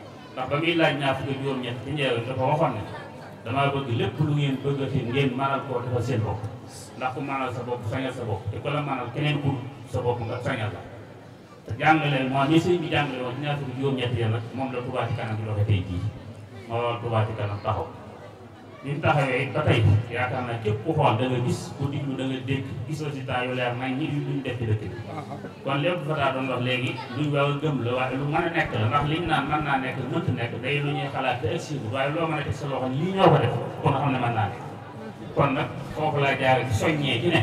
ndax ba muy laaj ñaar fukki juróom-ñett ci njeew dafa waxoon ne damaa bëgg lépp lu ngeen bëggati ngeen maanal koo defal seen bopp ndax ku maanal sa bopp sañal sa bopp te ku la maanal keneen pour sa bopp nga sañal la te jàngale moo ni sëñ bi jàngale woon ci ñaar fukki juróom-ñett ya moom la Touba ci kanam di doxe tey jii moo waral Touba ci kanam taxaw ñu taxawee ba tey yaakaar naa képp ku xool da nga gis ku diglu da nga dégg gis résultat yu leer nañ ñi duñ def ci dëkk bi ah, ah. kon lépp fataa doon wax léegi duñ waaw a gëm la waaye lu mën a nekk la ndax liñ naan mën naa nekk mënt nekk day lu ñuy xalaat te agsibu waaye loo mën a teg sa loxo lii ñoo ko def ko xam ne mën naa nekk kon nag foofu laa jaare ci soññee ci ne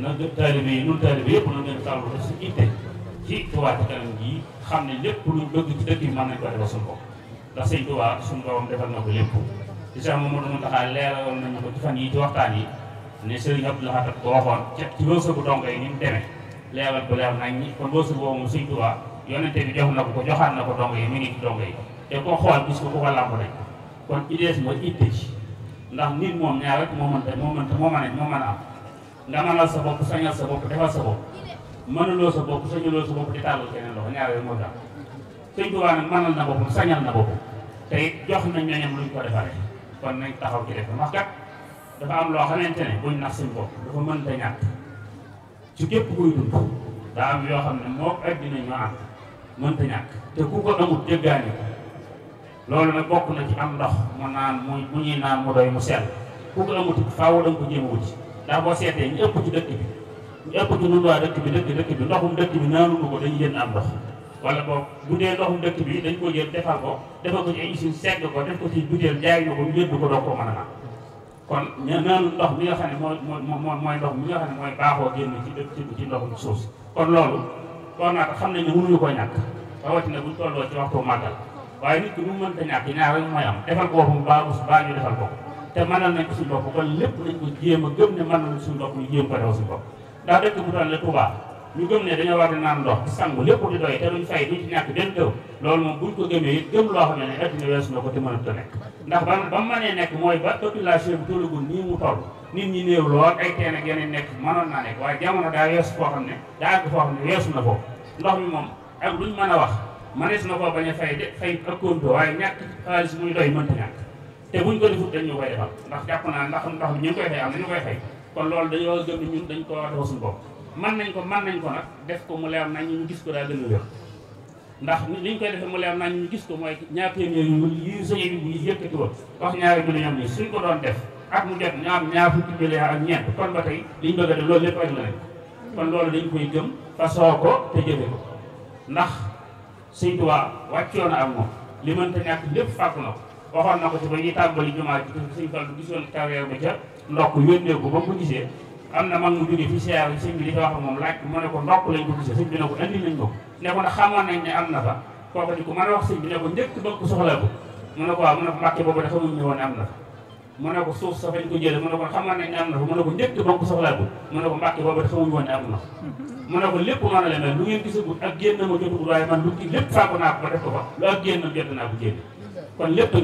na taalibe yi nun taalibe yëpp na ngeen tàllu def su itte ci Touba ci dëkk bi mën nañ ko defal suñu bopp ndax sëñ Touba suñu borom defal ci Cheikh Mamadou Mountakha leeraloon nañu ko ci fan yi ci ko waxoon ca ci wërsëgu yi ni mu demee leeral bu leer nañ ñi kon wërsëg jox na ko ko joxaat na ko dongo yi mi ngi ko ku ko ndax nit moom ñaar rek a moo mën a am sa bopp sañal sa bopp defal sa bopp mënuloo sa bopp sañuloo sa bopp di tàllal na jox nañ ñañam luñ ko defaree kon nañ taxaw ci def ndax kat dafa am loo xamante ne buñ nax suñ bopp dafa mënta ñàkk ci képp kuy dund daa am yoo xam ne moo addina ñoo am mënta ñàkk te ku ko amut loolu nag bokk na ci am ndox mu naan mu mu ñuy naan mu doy mu sell ku ko amut faaw da ko jéem a wuti boo seetee ñu ëpp ci dëkk bi ñu ëpp ci nun dëkk bi dëkk dëkk bi ndoxum dëkk bi naanuñu ko dañu yéen am ndox wala boog bu dee ndoxum dëkk bi dañ ko jël defal ko defal ko ci ay usine segg ko def ko ci butéel jaay ñu ko ñëpp ko doog koo mën a naan kon ña noonu ndox mi nga xam ne moo mooy ndox mi nga xam ne mooy baaxoo génn ci dëkk ci ndoxum suuf kon loolu war ko xam nañ ne mënuñu koo ñàkk rawatina buñ tolloo ci waxtu ñaar rek mooy am defal ko boppam baa baa ñu defal ko te mënal nañ ko suñu bopp kon lépp dañ ko a gëm ne mënal suñu bopp ñu jéem ko defal suñu bopp ndax dëkk bu toll Touba ñu gëm ne dañoo war di naan ndox sangu lépp di doy te duñ fay duñ loo xam ne ne adduna weesu na ko a nekk ndax ba mu mooy ba population bi tollagul nii mu toll nit ñi néew lool ay teen ak yeneen foo xam ne daa àgg na ko ndox mi moom ak a wax mënees na koo a fay de fay ak konto waaye ñàkk xaalis muy dañ ñu koy defal ndax jàpp naa ndax am nañu koy fay kon loolu dañoo gëm ne ñun dañ ko war a defal suñu man nañ ko mën nañ ko nag def ko mu leer nañ ñu gis ko daa gën a wér ndax li ñu koy defee mu leer nañ ñu gis ko mooy ñaar téeméer yu yu sëñ bi ñu yëkkati woon doon def ak mu jot am ñaar fukki milliards ak ñeent kon ba a loolu lépp dañ koy gëm fasoo ko te jëfe ko ndax sëñ Tuubaa wàccoon na ak moom li mënta ñàkk lépp fàkku na ko waxoon na ko ci ba ñuy tàmbali jumaa ji sëñ Fallu gisoon carrière ba ca ndokk yónnee ko ba mu ko gisee am na man mu jógee fi siyaar sëñ bi li moom laaj mu ne ko ndokk lañ ko gisee sëñ bi ne ko andi nañ ko ne ko ndax xamoon nañ ne am na fa kooku di ko mën a wax sëñ bi ne ko njëkk ba ko soxla ko mu ne boobu dafa mu ñëwoon am na mu ne ko suuf sa fañ ko a mu ne ko xamoon nañ ne am na fa mu ne ko njëkk ba ko soxla ko ne ko na mu ne ko lépp mën a lemee lu ngeen gisagut ak génn ma jotugul waaye man lu ci lépp fàggu naa ko ba def ko fa lu ak génn jot naa ko génn kon lépp a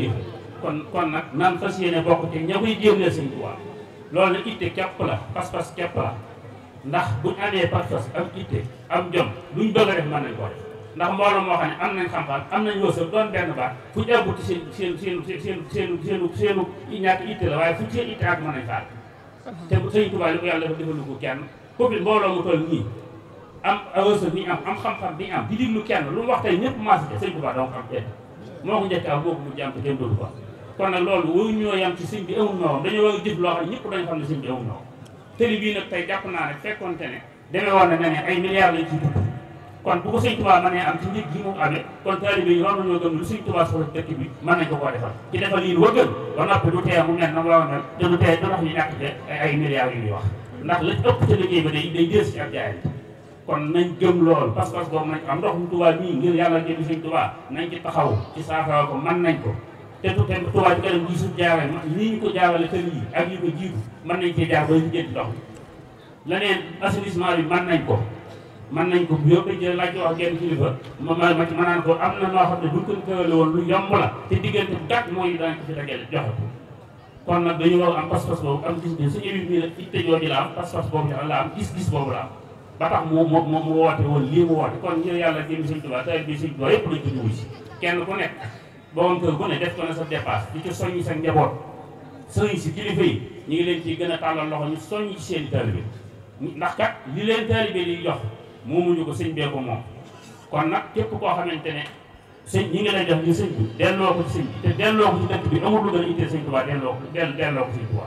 kon kon nag naan fas yéene bokk te ña koy génnee sëñ Tuubaa loolu itte képp la pas-pas képp la ndax buñ amee pas-pas am itte am jom luñ bëgg a def mën nañ ko def ndax mbooloo moo xam ne am nañ xam-xam am nañ wërsëg doon benn baat fu ñu àggut seen seen ko yàlla dafa defalu ko kenn foofu mbooloo mu toll nii am wërsëg bi am am xam-xam bi am di diglu kenn lu mu wax tey ñëpp maas sëñ Tuubaa donc am kenn moo ko njëkk am moo ko mu jàmm te kenn dootu ko kon nag loolu wóor ñoo yam ci sëñ bi amul morom dañoo war a jëf loo xam ne tey jàpp naa ne fekkonte ne demee woon ne ay milliards lañ ciy kon bu ko sëñ Tuubaa mënee am ci njëg gi mu bi mën nañ ko koo defal ci na mu war a mel te ñuy wax ndax ëpp ca liggéey ba day day des kon nañ gëm loolu parce que boobu nañ ko am ndox mu Tuubaa nii ngir yàlla jëmi sëñ Tuubaa nañ ci taxaw ci saafara ko mën nañ ko te tu te Touba Ca Kanam gi suuf jaawale lii ñu ko jaawale kër yi ak ñu ko jiitu mën nañ cee jaar ba ñu jënd ndox mi leneen assainissement nañ ko mën nañ ko yóbbu jël laaj wax genn kilifa ma ma ma naan ko am na loo xam ne buñ ko lu yomb la te diggante gàtt moo ko fi dajale joxe ko kon nag dañu war am pas-pas boobu am gis-gis suñu émi bii nag itte jooju la am pas-pas boobu la am gis-gis boobu la mu mu mu woon lii mu woote kon ñu yàlla jëm Sëñ Tuubaa tey bi Sëñ Tuubaa yëpp la jënd wu si kenn ku nekk borom kër gu ne def ko na sa dépasse di ci soññi sa njaboot sëriñ si kilifa yi ñu ngi leen ci gën a tàllal loxo ñu soññi ci seen ndax kat li leen taalibe di jox moomuñu ko sëñ bee ko moom kon nag képp koo xamante ne sëñ ñi ngi lay jox ñu sëñ bi delloo ko ci sëñ bi te delloo ko ci dëkk bi amul lu gën a itteel sëñ Tuubaa delloo ko delloo ko sëñ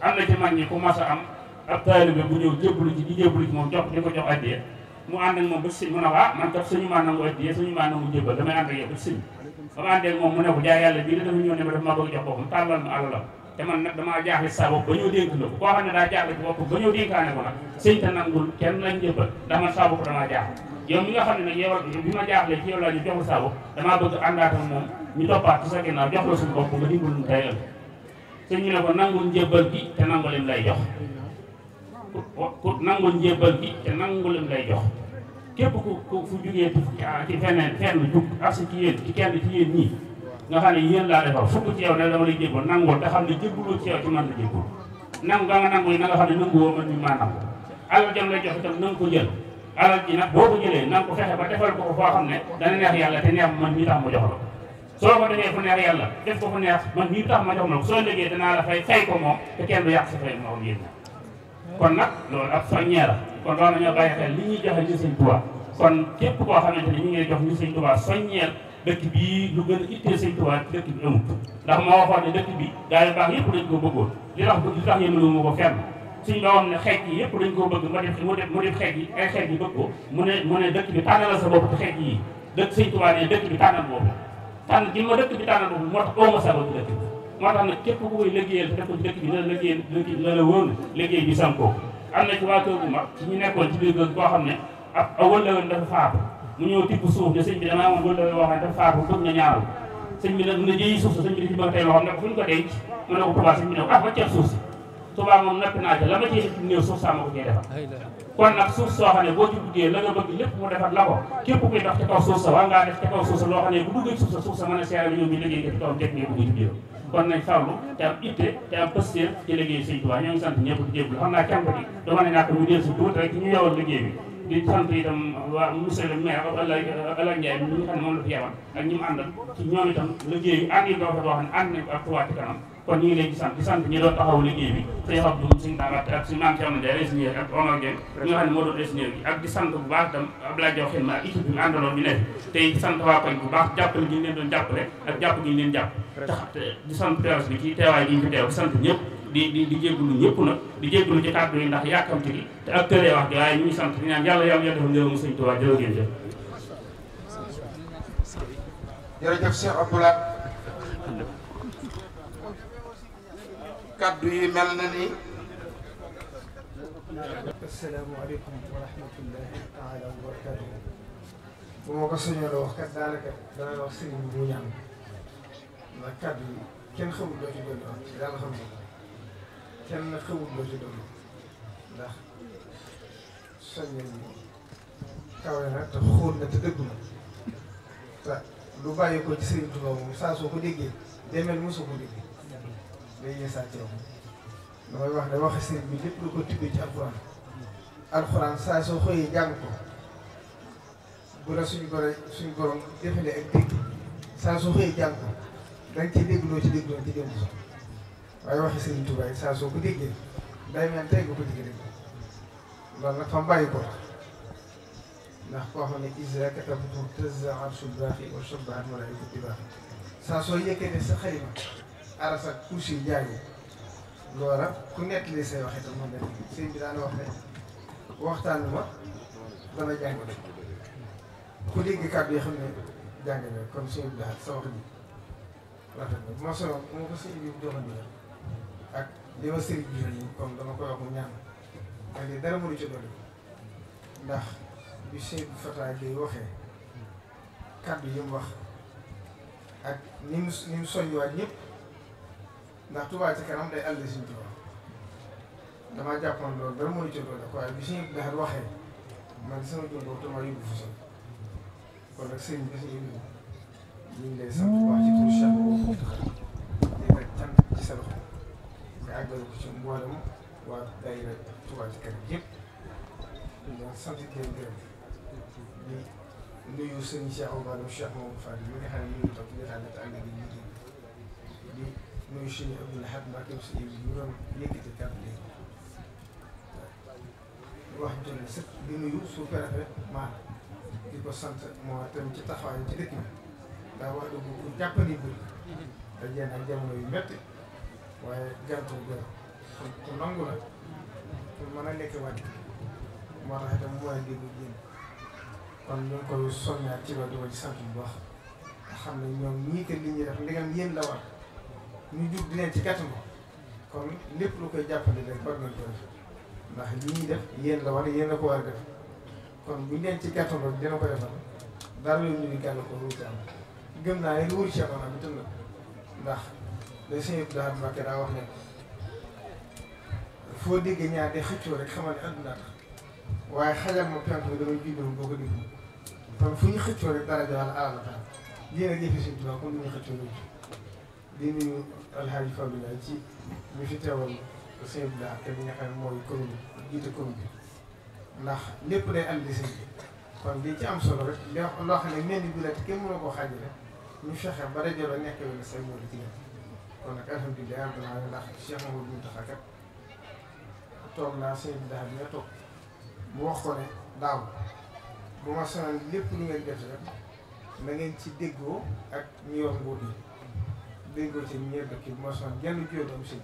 am na ci mag ñi ku mas a am ab taalibe bu ñëw jébbalu ci di jébbalu ci moom jox di ko jox addiya mu ànd ak moom ba si mu ne ah man kat suñu maa nangu addiya suñu maa nangu jébbal damay ba si ba ma ko jaay yàlla bii dafa ñëw ne ma dafa te man nag damaa jaaxle sa bopp ba la ko ba ñëw dénkaane ko nag sëñ ta nangul kenn lañ jébbal sa bopp damaa jaaxle yow mi nga xam ne nag yow bi ma jox la nangu lim lay jox ku nangul nangu lim lay jox képp ku ku fu jugee ah, ci feneen fenn jug agsi ci yéen ci kenn ci yéen ñii nga xam ne yéen laa defal fukk ci yow la jébbal na nga xam ne nangu woo man ñu maa na nga ko jël alal ji nag boo ko jëlee na nga ko fexe ba defal ko ko foo xam ne dana neex yàlla te neex man ñi tax ma jox la soo ko defee fu neex yàlla def ko fu neex man ñi tax ma jox la soo liggéey danaa la fay fay ko moom te kenn du yàq sa fay moom yéen kon nag loolu ak soññee la kon war nañoo bàyyi xel li ñuy joxe ñu sëñ Tuubaa kon képp koo xamante ne ñu ngi jox ñu sëñ Tuubaa soññeel dëkk bii lu gën a ittee sëñ Tuubaa dëkk bi amut ndax moo waxoon ne dëkk bi gaa yu baax yëpp ma ko fenn suñ doon ne xeej yëpp dañ ma def mu def mu def xeej yi ay xeej yi bëgg ko mu ne mu dëkk bi tànnalal sa yi dëkk sëñ Tuubaa ne dëkk bi tànnal boobu tànn gi ma dëkk bi tànnal boobu moo tax ooma sabab dëkk bi moo tax nag képp ku koy liggéeyal te def ko ci dëkk bi na la liggéeyal na la wóor liggéey bi sam ko am na ci a kër gu ci ñu nekkoon ci biir kër boo xam ne a aw wëllëwoon dafa faatu mu ñëw tibb suuf ne sëñ bi damaa moom wëllëwoon boo xam ne dafa faatu bëgg nga ñaaral sëñ bi nag na suuf sa sëñ bi di ci bëgg tey loo ne fu ñu ko denc mu ne ko tubaab sëñ bi ne ko ah suuf si Tuubaa moom noppi naa ca la ma ciy néew suuf saa ma ko ciy defar kon nag suuf soo xam ne boo ci duggee la nga bëgg lépp mu defar la ko képp kuy dox ca kaw suuf sa war ngaa def ca kaw suuf sa loo xam ne bu duggee suuf sa suuf sa a te am itte te am pëstéer ci liggéey Sëñ Tuubaa ñoo ngi sant ñëpp di jéglu xam naa càmp gi du mën a ñàkk mu del si tuuti rek ñu yowal liggéey bi di sant itam waa monsieur le ne moom la fi yewal ak mu àndal xam ne ànd nañ ko ak kon ñu ngi di sant di sant ñi doon taxaw liggéey bi sëñ Abdou suñu tàngaat ak suñu maam Thierno Dia ingénieur ak Omar Dieng nga xam ne moo doon ingénieur bi ak di sant bu baax itam ab Diaw Xilma ak équipe bi mu àndaloon bi nekk tey sant waa bu baax jàppale gi ñu doon jàppale ak jàpp gi ñu jàpp di sant presse bi ci teewaay gi ñu fi teew di sant ñëpp di di di jégalu ñëpp nag di jégalu ci kàddu yi ndax yàkkamti gi te ak tëlee wax gi waaye ñu ngi sant di ñaan yàlla yàlla defal ngërëmu sëñ Tuubaa jërë ngeen jëf jërëjëf kaddu yi mel na ni. asalaamaaleykum wa rahmatullahi taala wa barakaatu. bu ma ko soññoon wax kat daanaka dana wax sëriñ bu ñaan ndax kaddu yi kenn xamul doo ci doon wax yàlla xam ndax soññoon bi kawe na te na te dëgg na te lu bàyyi ko ci moom saa soo ko déggee demel mosoo ko déggee. day yeesaa ci yow damay wax day waxe sëriñ bi lépp lu ko tibbee ci alxuraan alxuraan saa soo xëyee jàng ko bu la suñu borom suñu borom defalee ak dégg saa soo xëyee jàng ko danga ci dégg loo ci dégg loo ci dégg so waaye waxe sëriñ Tuubaa yi saa soo ko déggee day mel tey nga ko jigéen dégg loolu nag fa mu bàyyi ko ndax koo xam ne ISRA katabtu tëzza arsu baaxi wa shabba al malaayikatu baaxi saa soo yëkkee ne sa xëy na aras ak kursi yi jaagu loola ku nekk li say wax itam moom la sëñ bi daan wax ne waxtaan ma dana jàng ku dégg kàddu yi xam ne jàng bi daal wax ji rafet na ma ko sëñ bi joxoon bi ak li ma sëriñ bi yi kon dama koy wax mu ñaan ak dara mënu ci dolli ndax bi sëñ bi fataay day waxee kàddu yi mu wax ak ni mu ni mu ndax Touba ci kanam day àll suñu Touba damaa jàppoon loolu dara mënu ci doon waaye bi suñu daxal waxee man sama jumbo damaa yóbbu fu seen kon nag sëriñ bi suñu yóbbu ñu ngi lay sant wax ci turu Cheikh boobu di la cant ci sa loxo nga àggale ko ci mboolem waa daayira Touba ci kanam yëpp di leen sant di leen gërëm di nuyu sëriñ Cheikh Oumar Cheikh Mamadou Fadi mi nga xam ne ñu ngi toog ñu ngi xam ne te ànd ak di nuyu suñu Abdou Lahad Mbacké si yéen ñu doon yëkkati kàddu gi wax jënd sëkk di nuyu sous-préfet maa di ko sant moo tam ci taxawaayam ci dëkk bi ndax wax dëgg bu jàppandi bu dajee jamono yu métti waaye gàntu bu ku nangu la pour mën a lekk wàññi moo tax mu war a déglu jéem kon ñu ko koy soññaat ci ba di ci sant bu baax nga xam ne ñoom ñii kat li ñuy def ndegam yéen la war. ñu jug di leen ci gàtt ko kon lépp lu koy jàppale de war nañ ko ndax li ñuy def yéen la war yéen la ko war a def kon bu leen ci gàtt ko dina ko defal dara lu naa ne wóor ci ndax le sëñ Abdoulaye Mbacke daa wax ne foo ñaar de xëccoo rek xamal ne àdduna tax waaye xajal ma penku damay bindoon boo ko kon fu ñu xëccoo rek dara jox la ñu alxaaji Fallou Ndiaye ci ñu fi teewal sëñ bi daal te bi xam ne mooy commune jiite commune bi ndax lépp day ànd sëñ bi kon li ci am solo rek loo xam ne mel ni bi la te kenn mënoo koo xàjjale ñu fexe ba dajaloo nekk wala say moo di kon nag alhamdulilah rabbil alamin ndax Cheikh Mamadou Mountakha kat toog naa sëñ bi daal bi nga toog mu wax ko ne daaw bu ma sonal lépp lu ngeen jot rek na ngeen ci déggoo ak ñi yor nguur yi déggoo ci ñeer dëkk bi moo soxla genn kii yooyu monsieur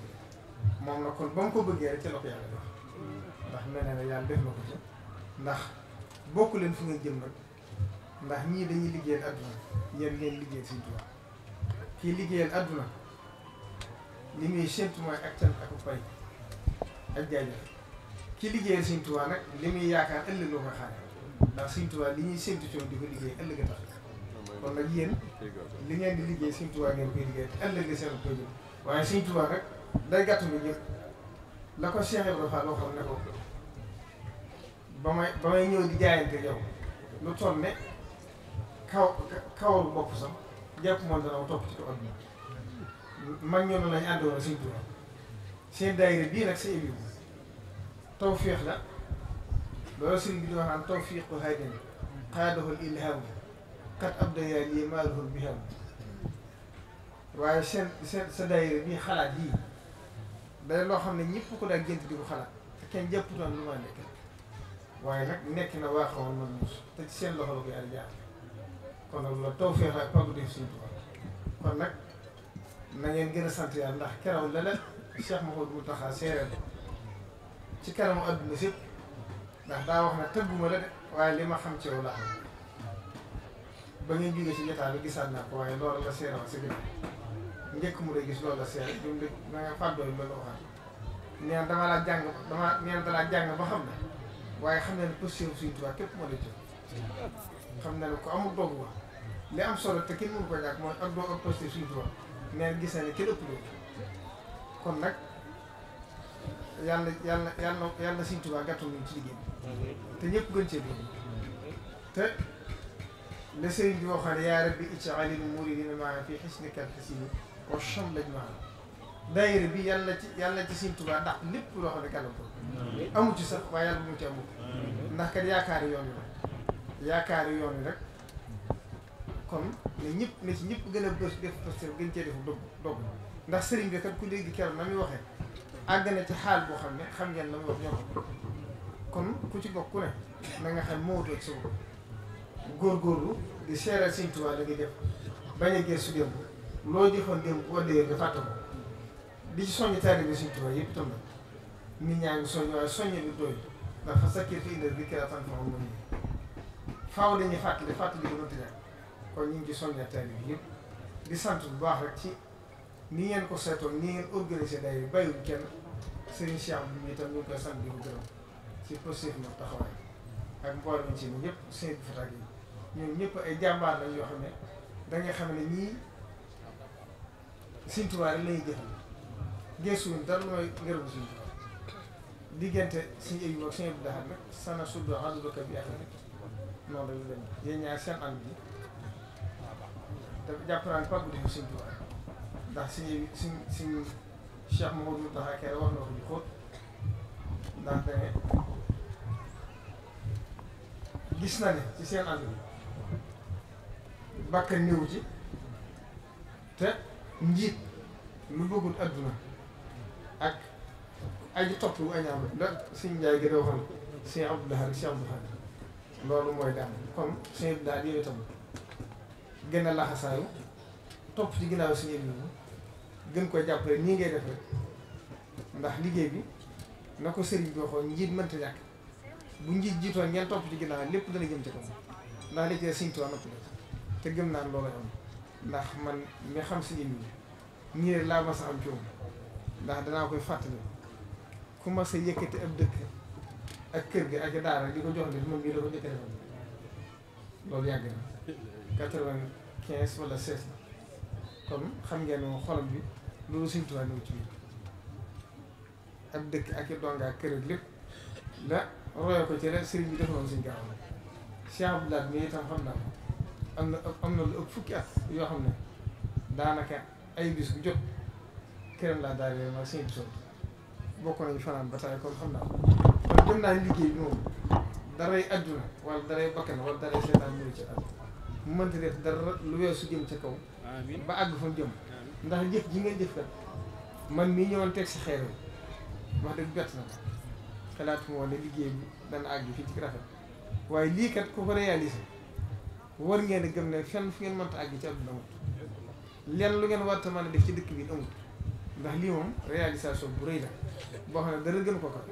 moom na kon ba mu ko bëggee rek ci la ko yàlla def ndax nee na yàlla def na ko ci ndax bokk leen fi ngeen jëm rek ndax ñii dañuy liggéeyal àdduna yéen ngeen liggéeyal Sëñ Tuubaa kii liggéeyal àdduna li muy séntu mooy ak cant ak pay ak jaajëf ki liggéeyal Sëñ Tuubaa nag li muy yaakaar ëllëg loo ko xaar ndax Sëñ Tuubaa li ñuy séntu coon di ko liggéey ëllëg a tax kon nag yéen li ngeen di liggéey Sëñ Tuubaa ngeen koy liggéey ëllëg la seen projet waaye Sëñ Tuubaa rek day gàttu bi la ko Cheikh Ibrahima Fall waxoon ne ko ba may ba may ñëw di jaayante yow lu toll ne kaw kawaru bopp sax jàpp moom dana ma bii nag sa élu loolu sëñ bi wax kat ab day yaay lii maarufat bi xam waaye seen seen sa daayira bii xalaat yii day loo xam ne ñëpp ko daa gént di ko xalaat te kenn jàpputoon lu maa nekk waaye nag nekk na waa xawoon man mos te ci seen loxo la ko yàlla kon nag loolu gën a sant yàlla ndax keroog la la Cheikh Mouhamadou Mountakha seereel ci kanamu adduna sépp ndax daa wax ne tëgguma la de waaye li ma xam ci yow laa ba ngeen jógee si jotaay bi gisaat naa ko waaye loolu la seeroon si ginnaaw njëkk mu lay gis loolu la seer bi mu da nga fàddoo yi loolu la waxaat neen dama laa jàng xam ne waaye xam ne ne position suñu xam ne ko amul doogu ba li am solo te kenn mënu ko ñàkk mooy ak doo ak position suñu tubaab neen gis na ne ëpp loolu kon nag yàlla yàlla yàlla yàlla tubaab gàttal ñu ci liggéey te ñëpp gën cee te la sëriñ bi waxoon yaa rabbi ij'alil muridina maa fi xisnika alxasini wa chamlaj maa daayira bi yàlla ci yàlla ci Sëriñ Tuubaa ndax lépp loo xam ne gàllankoor amu ci sax waaye yàlla bu mu ci amu yoon wi rek yaakaari yoon wi rek kon ne ñëpp ne ci ñëpp gën a bës def parce que gën cee defu dogg dogg ndax sëriñ bi kat ku dégg keroog na muy waxee àgg na ci xaal boo xam ne xam ngeen la muy wax ñoo kon ku ci bokk ku ne na nga xam moo wutoo sa bopp góorgóorlu di seeral Sëñ Tuubaa li nga def bañ a gëstu démb loo jëfoon démb wala yëpp nga fàtte ko di ci soññ taalibe Sëñ Tuubaa yëpp itam la nit ñaa ngi soññ waaye soññu du doy ndax fa sakkir fi indee bi keroog tànn foofu moom faaw dañuy fàttali fàttali ko mënti ñàkk kon ñu ngi ci soññal taalibe yëpp di sant bu baax rek ci ni ngeen ko seetoon ni ngeen organisé day bàyyiwul kenn Serigne Cheikh bi ñu itam ñu ngi koy sant di ko gërëm ci positif na taxawaay ak ñoom ñëpp ay jàmbaar lañ yoo xam ne da nga xam ne ñii Sëñ Tuubaa rek la ñuy jëfandikoo gëstuwuñ dara mooy ngërëmu Sëñ Tuubaa diggante suñu énu boog suñu Abdou Ahad nag sana suddo àndulaka bi ak noonu la ñu leen yéen ñaar seen ànd bi dafa jàpp naa ne pàggu defu Sëñ Tuubaa ndax suñu suñu suñu Cheikh Mouhamadou Mountakha Kéré wax na ko ñu ndax da gis na ne ci seen all bi. bakkan néewu ci te njiit lu bëggul adduna ak aji topp bu añaam la suñ njaay gën a waxoon sëñ Abdoulaye ak sëñ Abdoulaye loolu mooy daan kon sëñ Abdoulaye yooyu tam gën a laxasaayu topp ci ginnaaw sëñ Abdoulaye gën ko jàppale nii ngay def rek ndax liggéey bi na ko sëriñ bi waxoon njiit mënta ñàkk bu njiit jiitoon ngeen topp ci ginnaaw lépp dana jëm ci kaw ndax li ci sëñ Tuubaa noppi te gëm naa loolu am ndax man mi xam si nit nii laa mas a am ci ndax danaa koy fàttali ku ma sa yëkkati ab dëkk ak kër gi ak daara di ko jox nit moom mii la ko loolu yàgg na quatre-vingt-quinze wala seize na kon xam ngeen ne xolam bi loolu Sëñ Tuubaa ñëw ci biir ab dëkk ak i donga ak kër ak lépp la royee ko ci la sëriñ bi defaloon suñu gaaw la Cheikh Abdoulaye mi itam xam naa ko am na am na lu ëpp fukki at yoo xam ne daanaka ay bis bu jot këram laa daal di ma seen bisoon bokk nañu fanaan ba tey kon xam naa kon dem naa liggéey bi moom daray adduna wala daray bakkan wala daray seetaan ci mu mënti def dara lu kaw ba àgg fa mu jëm ndax jëf ji ngeen jëf man mii ñëwoon teg si xeer wax dëgg bett na xalaatuma woon ne liggéey bi dana àgg fii ci rafet waaye lii kat ku ko réalisé war ngeen a gëm ne fenn fi ngeen mënta àgg ci àdduna amut lenn lu ngeen warta mën a def ci dëkk bi amut ndax lii moom réalisation bu rëy la boo xam ne dara gën ko kaw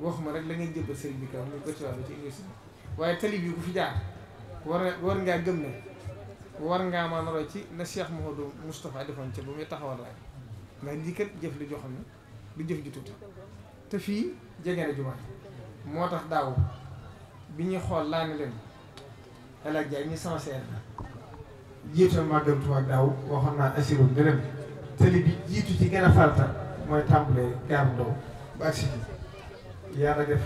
waxuma rek la ngeen jëbbal sëriñ bi kaw muy gëstuwaat ci université waaye tali bi ku fi jaar war war ngaa gëm ne war ngaa mën a roy ci na Cheikh Mouhamadou Moustapha defoon ca ba muy taxawal laaj ndax lii kat jëf la joo xam lu jëf ju tuuti te fii jege na jumaa moo tax daaw bi ñuy xool laa ne leen El Hadj Ndiaye mi sincère la jiitu màggal Tuubaa daaw waxoon naa assuré dërëm tëli bi jiitu ci gën a farata mooy tàmbale gaaru ndaw ba agsi bi yàlla def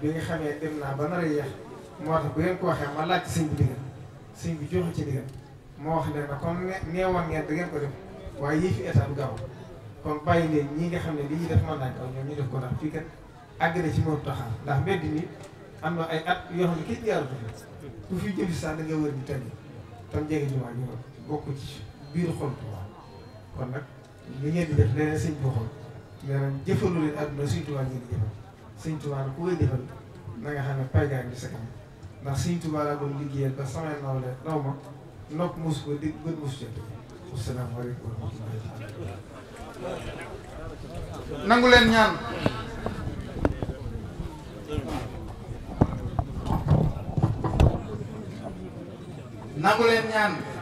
bi nga naa ba nar a yéex moo tax bu ko waxee ma laaj sëñ bi digal sëñ ci digal moo wax leen ne comme ne neewoon ngeen da ngeen ko def waaye gaaw kon bàyyi leen ñii nga xam ne li ñuy def mën naa ko ñoom ñu def ko ndax fii kat àgg ci moom taxaar ndax mbedd am na ay at yoo xam ne kenn jaarul fi fi jëli sax da nga wër di tali tam jege jumaa ji bokk ci biir xol kon nag li ngeen di def nee na sëñ bi waxoon maanaam jëfandu leen àdduna sëñ Tuubaa nga ndax sëñ liggéeyal ba samay naw le ma nopp mos ko dégg bët mos jot asalaamaaleykum wa nangu leen ñaan nangu leen ñaan